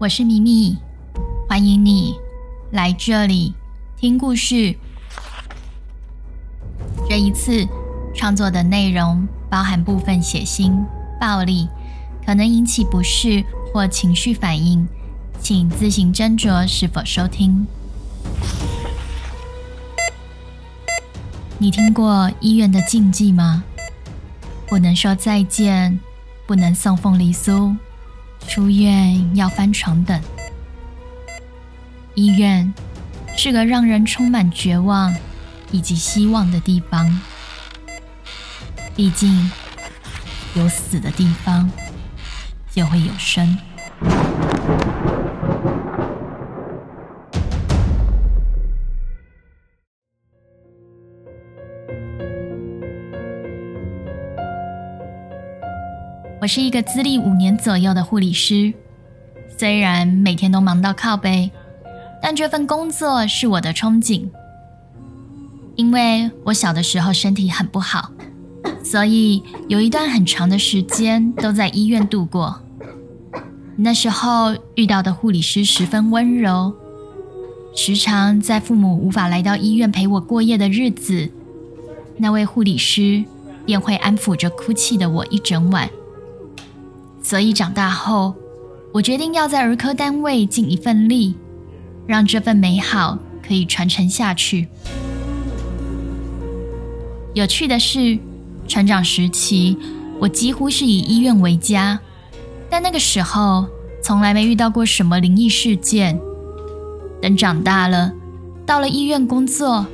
我是咪咪，歡迎你來這裡聽故事。這一次創作的內容包含部分血腥、暴力，可能引起不適或情緒反應，請自行斟酌是否收聽。你聽過醫院的禁忌嗎？不能說再見，不能送鳳梨酥。出院要翻床墊。醫院是個讓人充滿絕望以及希望的地方。畢竟，有死的地方，就會有生。我是一個資歷五年左右的護理師，雖然每天都忙到靠杯，但這份工作是我的憧憬。因為我小的時候身體很不好，所以有一段很長的時間都在醫院度過。那時候遇到的護理師十分溫柔，時常在父母無法來到醫院陪我過夜的日子，那位護理師便會安撫着哭泣的我一整晚。所以長大後，我決定要在兒科單位盡一份力，讓這份美好可以傳承下去。有趣的是，成長時期我幾乎是以醫院為家，但那個時候從來沒遇到過什麼靈異事件。等長大了，到了醫院工作，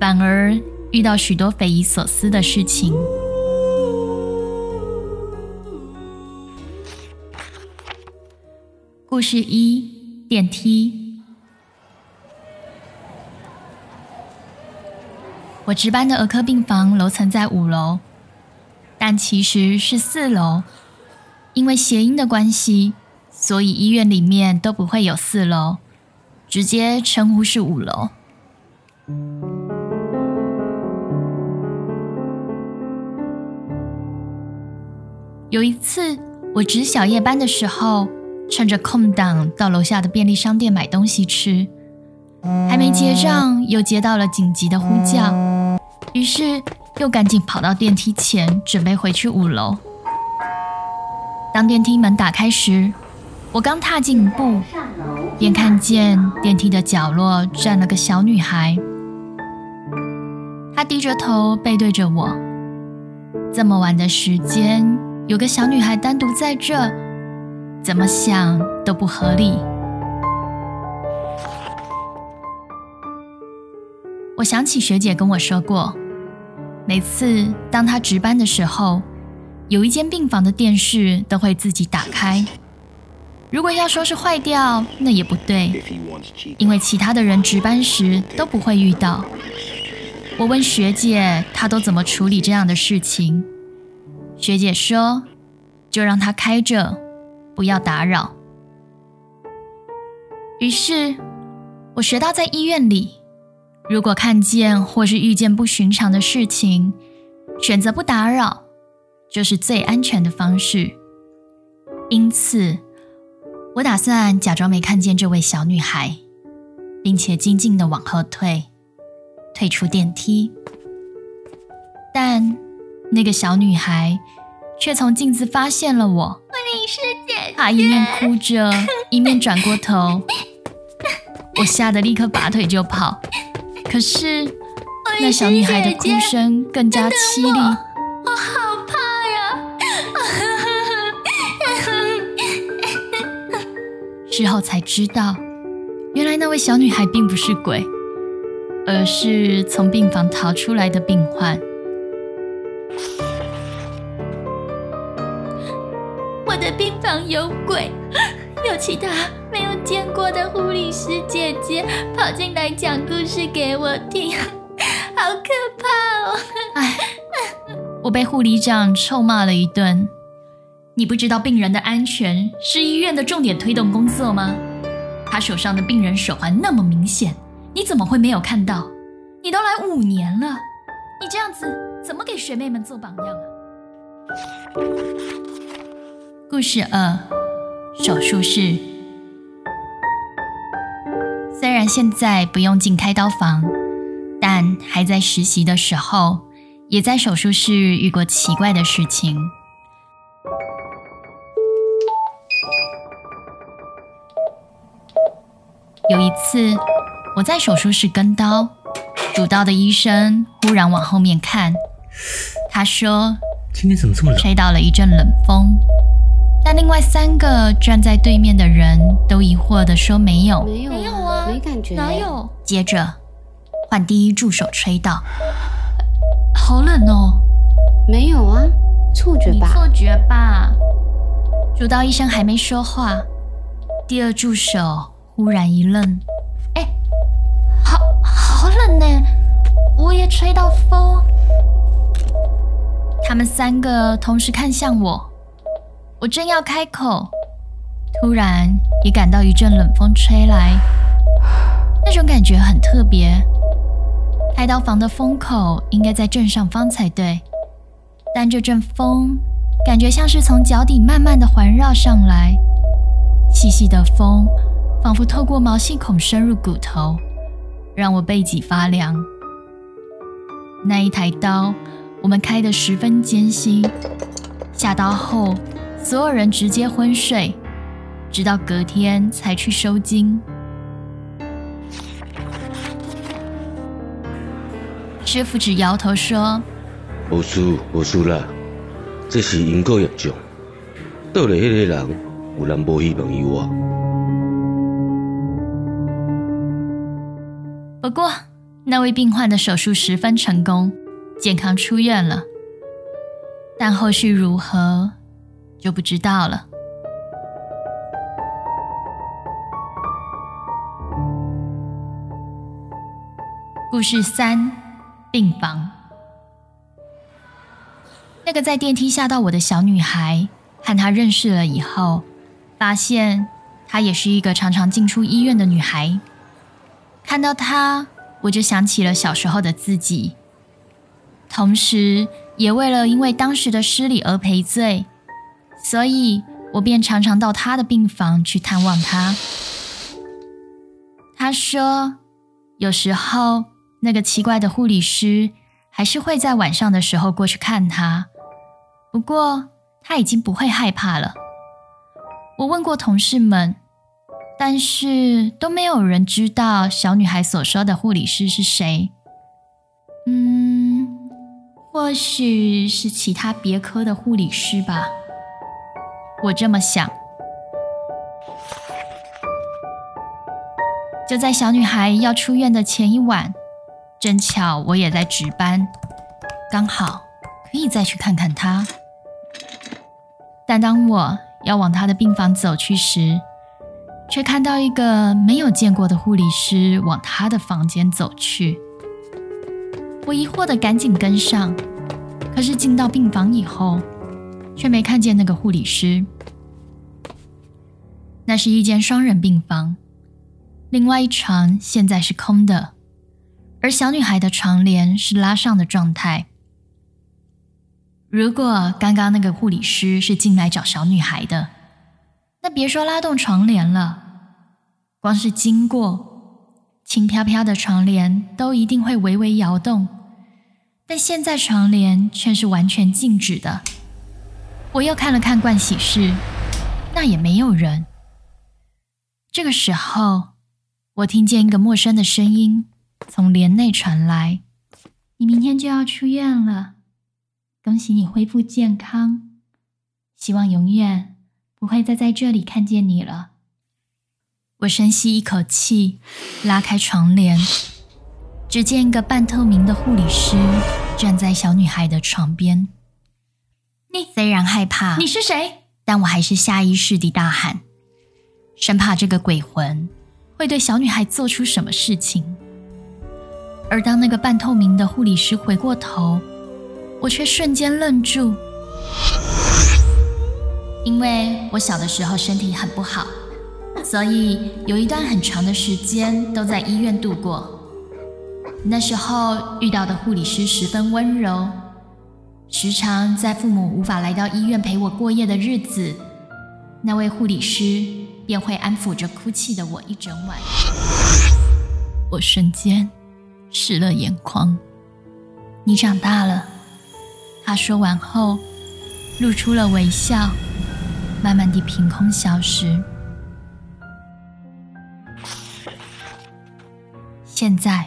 反而遇到許多匪夷所思的事情。故事一：電梯。我值班的兒科病房樓層在五樓，但其實是四樓，因為諧音的關係，所以醫院裡面都不會有四樓，直接稱呼是五樓。有一次，我值小夜班的時候。趁着空檔，到樓下的便利商店買東西吃，還沒結賬，又接到了緊急的呼叫，於是又趕緊跑到電梯前，準備回去五樓。當電梯門打開時，我剛踏進一步，便看見電梯的角落站了個小女孩，她低着頭，背對着我。這麼晚的時間，有個小女孩單獨在這。怎麼想都不合理。我想起學姐跟我說過，每次當她值班的時候，有一間病房的電視都會自己打開。如果要說是壞掉，那也不對，因為其他的人值班時都不會遇到。我問學姐，她都怎麼處理這樣的事情？學姐說，就讓它開着。不要打擾。於是，我學到在醫院裡，如果看見或是遇見不尋常的事情，選擇不打擾，就是最安全的方式。因此，我打算假裝沒看見這位小女孩，並且靜靜的往後退，退出電梯。但那個小女孩卻從鏡子發現了我。她一面哭着，一面轉過頭，我嚇得立刻拔腿就跑。可是那小女孩的哭聲更加淒厲。姐姐，你等我，我好怕呀！ 之後才知道，原來那位小女孩並不是鬼，而是從病房逃出來的病患。其他沒有見過的護理師姐姐跑進來講故事給我聽，好可怕哦！ 我被護理長臭罵了一頓。你不知道病人的安全是醫院的重點推動工作嗎？他手上的病人手環那麼明顯，你怎麼會沒有看到？你都來五年了，你這樣子怎麼給學妹們做榜樣啊？故事二。呃手術室，雖然現在不用進開刀房，但還在實習的時候，也在手術室遇過奇怪的事情。有一次，我在手術室跟刀，主刀的醫生忽然往後面看，他說：“今天怎麼這麼冷？”吹到了一陣冷風。但另外三個站在對面的人都疑惑地說沒有：“沒有，沒有啊，沒感覺，哪有？”接着，換第一助手吹到，啊、好冷哦，沒有啊，錯覺吧，錯覺吧。主刀醫生還沒說話，第二助手忽然一愣：“哎，好好冷呢，我也吹到風。”他們三個同時看向我。我正要開口，突然也感到一陣冷風吹來，那種感覺很特別。開刀房的風口應該在正上方才對，但這陣風感覺像是從腳底慢慢地環繞上來，細細的風仿佛透過毛細孔深入骨頭，讓我背脊發涼。那一台刀我們開得十分艱辛，下刀後。所有人直接昏睡，直到隔天才去收驚。師傅只搖頭說：“無輸，無輸啦，這是因果業障。到了迄個人，有人無希望有我。”不過，那位病患的手術十分成功，健康出院了。但後續如何？就不知道了。故事三：病房。那個在電梯嚇到我的小女孩，和她認識了以後，發現她也是一個常常進出醫院的女孩。看到她，我就想起了小時候的自己，同時也為了因為當時的失禮而賠罪。所以我便常常到她的病房去探望她。她說，有時候那個奇怪的護理師還是會在晚上的時候過去看她，不過她已經不會害怕了。我問過同事們，但是都沒有人知道小女孩所說的護理師是誰。嗯，或許是其他別科的護理師吧。我這麼想，就在小女孩要出院的前一晚，正巧我也在值班，剛好可以再去看看她。但當我要往她的病房走去時，卻看到一個沒有見過的護理師往她的房間走去。我疑惑的趕緊跟上，可是進到病房以後。卻沒看見那個護理師。那是一間雙人病房，另外一床現在是空的，而小女孩的床簾是拉上的狀態。如果剛剛那個護理師是進來找小女孩的，那別說拉動床簾了，光是經過，輕飄飄的床簾都一定會微微搖動，但現在床簾卻是完全靜止的。我又看了看盥洗室，那也沒有人。這個時候，我聽見一個陌生的聲音從簾內傳來：“你明天就要出院了，恭喜你恢復健康，希望永遠不會再在這裡看見你了。”我深吸一口氣，拉開床簾，只見一個半透明的護理師站在小女孩的床邊。你雖然害怕，你是誰？但我還是下意識地大喊，生怕這個鬼魂會對小女孩做出什麼事情。而當那個半透明的護理師回過頭，我卻瞬間愣住，因為我小的時候身體很不好，所以有一段很長的時間都在醫院度過。那時候遇到的護理師十分溫柔。時常在父母無法來到醫院陪我過夜的日子，那位護理師便會安撫着哭泣的我一整晚。我瞬間濕了眼眶。你長大了，他說完後露出了微笑，慢慢地憑空消失。現在，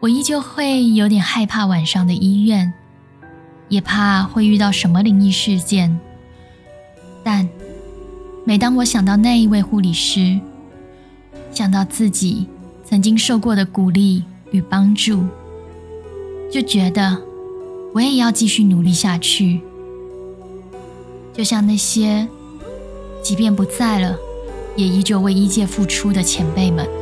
我依舊會有點害怕晚上的醫院。也怕會遇到什麼靈異事件，但每當我想到那一位護理師，想到自己曾經受過的鼓勵與幫助，就覺得我也要繼續努力下去，就像那些即便不在了，也依舊為醫界付出的前輩們。